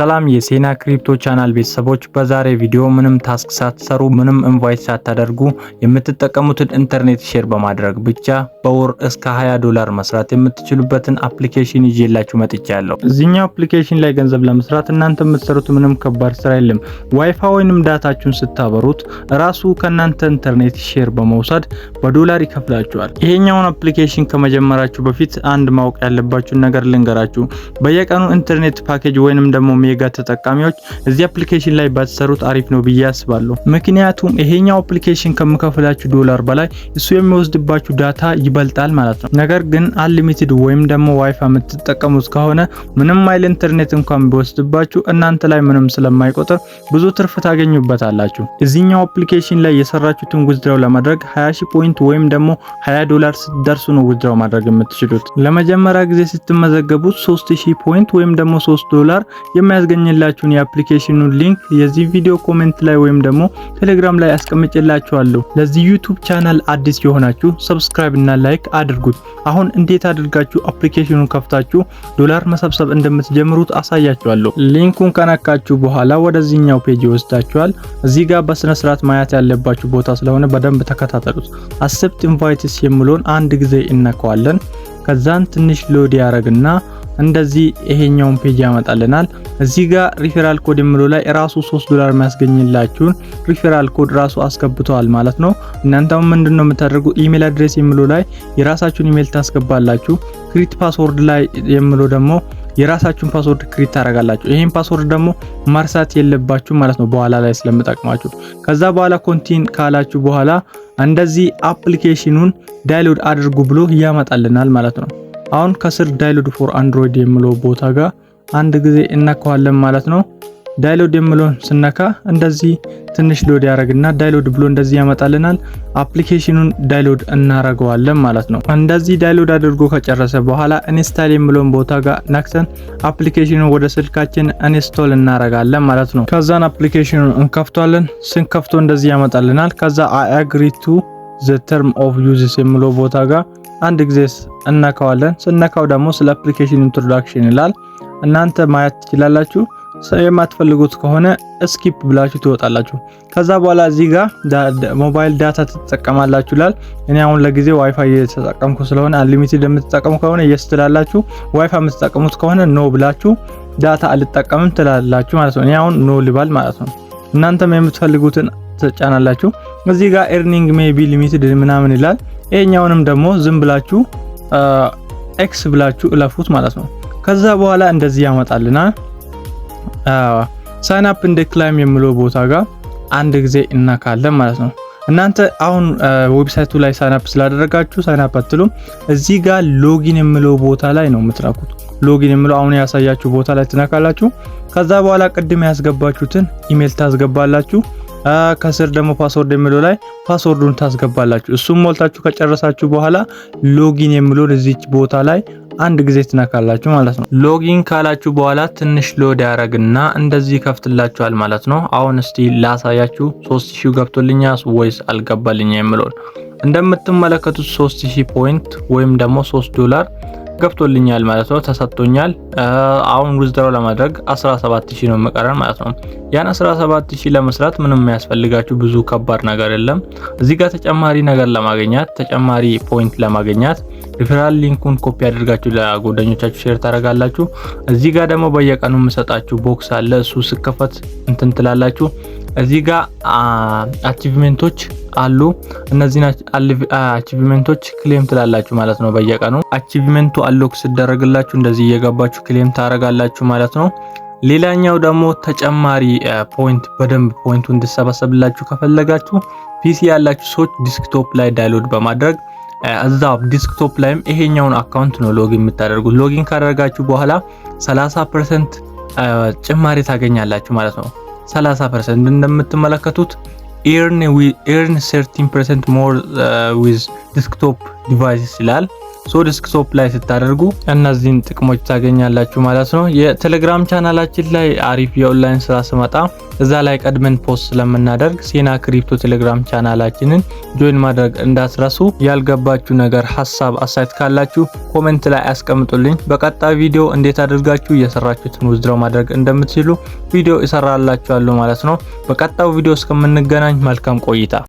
ሰላም የሴና ክሪፕቶ ቻናል ቤተሰቦች፣ በዛሬ ቪዲዮ ምንም ታስክ ሳትሰሩ ምንም ኢንቫይት ሳታደርጉ የምትጠቀሙትን ኢንተርኔት ሼር በማድረግ ብቻ በወር እስከ 20 ዶላር መስራት የምትችሉበትን አፕሊኬሽን ይዤላችሁ መጥቻለሁ። እዚኛው አፕሊኬሽን ላይ ገንዘብ ለመስራት እናንተ የምትሰሩት ምንም ከባድ ስራ የለም። ዋይፋይ ወይንም ዳታችሁን ስታበሩት ራሱ ከእናንተ ኢንተርኔት ሼር በመውሰድ በዶላር ይከፍላችኋል። ይሄኛውን አፕሊኬሽን ከመጀመራችሁ በፊት አንድ ማወቅ ያለባችሁን ነገር ልንገራችሁ። በየቀኑ ኢንተርኔት ፓኬጅ ወይንም ደግሞ የጋ ተጠቃሚዎች እዚህ አፕሊኬሽን ላይ ባትሰሩት አሪፍ ነው ብዬ አስባለሁ። ምክንያቱም ይሄኛው አፕሊኬሽን ከምከፍላችሁ ዶላር በላይ እሱ የሚወስድባችሁ ዳታ ይበልጣል ማለት ነው። ነገር ግን አንሊሚትድ ወይም ደግሞ ዋይፋ የምትጠቀሙት ከሆነ ምንም አይል ኢንተርኔት እንኳን ቢወስድባችሁ እናንተ ላይ ምንም ስለማይቆጥር ብዙ ትርፍ ታገኙበታላችሁ። እዚህኛው አፕሊኬሽን ላይ የሰራችሁትን ውዝድራው ለማድረግ 20 ሺህ ፖይንት ወይም ደግሞ 20 ዶላር ስትደርሱ ነው ውዝድራው ማድረግ የምትችሉት። ለመጀመሪያ ጊዜ ስትመዘገቡት 3000 ፖይንት ወይም ደግሞ 3 ዶላር የሚያ ያስገኘላችሁን የአፕሊኬሽኑን ሊንክ የዚህ ቪዲዮ ኮሜንት ላይ ወይም ደግሞ ቴሌግራም ላይ አስቀምጬላችኋለሁ። ለዚህ ዩቱብ ቻናል አዲስ የሆናችሁ ሰብስክራይብ እና ላይክ አድርጉት። አሁን እንዴት አድርጋችሁ አፕሊኬሽኑን ከፍታችሁ ዶላር መሰብሰብ እንደምትጀምሩት አሳያችኋለሁ። ሊንኩን ከነካችሁ በኋላ ወደዚህኛው ፔጅ ይወስዳችኋል። እዚህ ጋር በስነ ስርዓት ማየት ያለባችሁ ቦታ ስለሆነ በደንብ ተከታተሉት። አሴፕት ኢንቫይትስ የሚለውን አንድ ጊዜ እነከዋለን። ከዛን ትንሽ ሎድ ያደረግና እንደዚህ ይሄኛውን ፔጅ ያመጣልናል። እዚህ ጋር ሪፌራል ኮድ የምለው ላይ ራሱ 3 ዶላር የሚያስገኝላችሁን ሪፌራል ኮድ ራሱ አስገብተዋል ማለት ነው። እናንተም ምንድነው የምታደርጉ ኢሜል አድሬስ የምለው ላይ የራሳችሁን ኢሜል ታስገባላችሁ። ክሪት ፓስወርድ ላይ የምለው ደግሞ የራሳችሁን ፓስወርድ ክሪት ታደርጋላችሁ። ይህን ፓስወርድ ደግሞ መርሳት የለባችሁ ማለት ነው በኋላ ላይ ስለምጠቅማችሁ። ከዛ በኋላ ኮንቲን ካላችሁ በኋላ እንደዚህ አፕሊኬሽኑን ዳይሎድ አድርጉ ብሎ ያመጣልናል ማለት ነው። አሁን ከስር ዳይሎድ ፎር አንድሮይድ የሚለው ቦታ ጋር አንድ ጊዜ እናከዋለን ማለት ነው። ዳይሎድ የምለውን ስነካ እንደዚህ ትንሽ ሎድ ያደረግና ዳይሎድ ብሎ እንደዚህ ያመጣልናል። አፕሊኬሽኑን ዳይሎድ እናረገዋለን ማለት ነው። እንደዚህ ዳይሎድ አድርጎ ከጨረሰ በኋላ ኢንስታል የሚለውን ቦታ ጋር ነክተን አፕሊኬሽኑን ወደ ስልካችን ኢንስቶል እናረጋለን ማለት ነው። ከዛን አፕሊኬሽኑን እንከፍቷለን። ስንከፍቶ እንደዚህ ያመጣልናል። ከዛ አግሪ ቱ ዘ ተርም ኦፍ ዩዝስ የሚለው ቦታ ጋር አንድ ጊዜ እነካዋለን። ስነካው ደግሞ ስለ አፕሊኬሽን ኢንትሮዳክሽን ይላል። እናንተ ማየት ትችላላችሁ። የማትፈልጉት ከሆነ ስኪፕ ብላችሁ ትወጣላችሁ። ከዛ በኋላ እዚህ ጋር ሞባይል ዳታ ትጠቀማላችሁ ይላል። እኔ አሁን ለጊዜ ዋይፋይ እየተጠቀምኩ ስለሆነ አንሊሚትድ የምትጠቀሙ ከሆነ የስ ትላላችሁ። ዋይፋይ የምትጠቀሙት ከሆነ ኖ ብላችሁ ዳታ አልጠቀምም ትላላችሁ ማለት ነው። እኔ አሁን ኖ ልባል ማለት ነው። እናንተም የምትፈልጉትን ትጫናላችሁ። እዚህ ጋር ኤርኒንግ ሜቢ ሊሚትድ ምናምን ይላል። ይሄኛውንም ደግሞ ዝም ብላችሁ ኤክስ ብላችሁ እለፉት ማለት ነው። ከዛ በኋላ እንደዚህ ያመጣልና ሳይን አፕ እንደ ክላይም የሚለው ቦታ ጋር አንድ ጊዜ እናካለን ማለት ነው። እናንተ አሁን ዌብሳይቱ ላይ ሳይን አፕ ስላደረጋችሁ ሳይን አፕ አትሉም። እዚህ ጋር ሎጊን የምለው ቦታ ላይ ነው የምትነኩት። ሎጊን የሚለው አሁን ያሳያችሁ ቦታ ላይ ትነካላችሁ። ከዛ በኋላ ቅድም ያስገባችሁትን ኢሜል ታስገባላችሁ። ከስር ደግሞ ፓስወርድ የሚለው ላይ ፓስወርዱን ታስገባላችሁ። እሱም ሞልታችሁ ከጨረሳችሁ በኋላ ሎጊን የሚለውን እዚች ቦታ ላይ አንድ ጊዜ ትነካላችሁ ማለት ነው። ሎጊን ካላችሁ በኋላ ትንሽ ሎድ ያደረግና እንደዚህ ይከፍትላችኋል ማለት ነው። አሁን እስቲ ላሳያችሁ 3000 ገብቶልኛ ወይስ አልገባልኛ የሚለውን እንደምትመለከቱት 3000 ፖይንት ወይም ደግሞ 3 ዶላር ገብቶልኛል ማለት ነው፣ ተሰጥቶኛል። አሁን ዊዝድሮ ለማድረግ 17000 ነው መቀረን ማለት ነው። ያን 17000 ለመስራት ምንም የሚያስፈልጋችሁ ብዙ ከባድ ነገር የለም። እዚህ ጋር ተጨማሪ ነገር ለማግኘት ተጨማሪ ፖይንት ለማግኘት ሪፈራል ሊንኩን ኮፒ አድርጋችሁ ለጓደኞቻችሁ ሼር ታደርጋላችሁ። እዚህ ጋር ደግሞ በየቀኑ የምሰጣችሁ ቦክስ አለ። እሱ ስከፈት እንትን ትላላችሁ። እዚህ ጋር አቺቭመንቶች አሉ። እነዚህን አቺቭመንቶች ክሌም ትላላችሁ ማለት ነው። በየቀኑ አቺቭመንቱ አሎክ ስደረግላችሁ እንደዚህ እየገባችሁ ክሌም ታረጋላችሁ ማለት ነው። ሌላኛው ደግሞ ተጨማሪ ፖይንት በደንብ ፖይንቱ እንድሰበሰብላችሁ ከፈለጋችሁ ፒሲ ያላችሁ ሰዎች ዲስክቶፕ ላይ ዳይሎድ በማድረግ እዛ ዲስክቶፕ ላይም ይሄኛውን አካውንት ነው ሎጊን የምታደርጉት። ሎጊን ካደረጋችሁ በኋላ 30% ጭማሪ ታገኛላችሁ ማለት ነው። 30% እንደምትመለከቱት earn, with earn 13% more uh, with desktop devices ይላል ሶ ዲስክቶፕ ላይ ስታደርጉ እነዚህን ጥቅሞች ታገኛላችሁ ማለት ነው። የቴሌግራም ቻናላችን ላይ አሪፍ የኦንላይን ስራ ስመጣ እዛ ላይ ቀድመን ፖስት ስለምናደርግ ሴና ክሪፕቶ ቴሌግራም ቻናላችንን ጆይን ማድረግ እንዳትረሱ። ያልገባችሁ ነገር ሀሳብ፣ አሳይት ካላችሁ ኮሜንት ላይ አስቀምጡልኝ። በቀጣይ ቪዲዮ እንዴት አድርጋችሁ እየሰራችሁትን ውዝድረው ማድረግ እንደምትችሉ ቪዲዮ ይሰራላችኋለሁ ማለት ነው። በቀጣዩ ቪዲዮ እስከምንገናኝ መልካም ቆይታ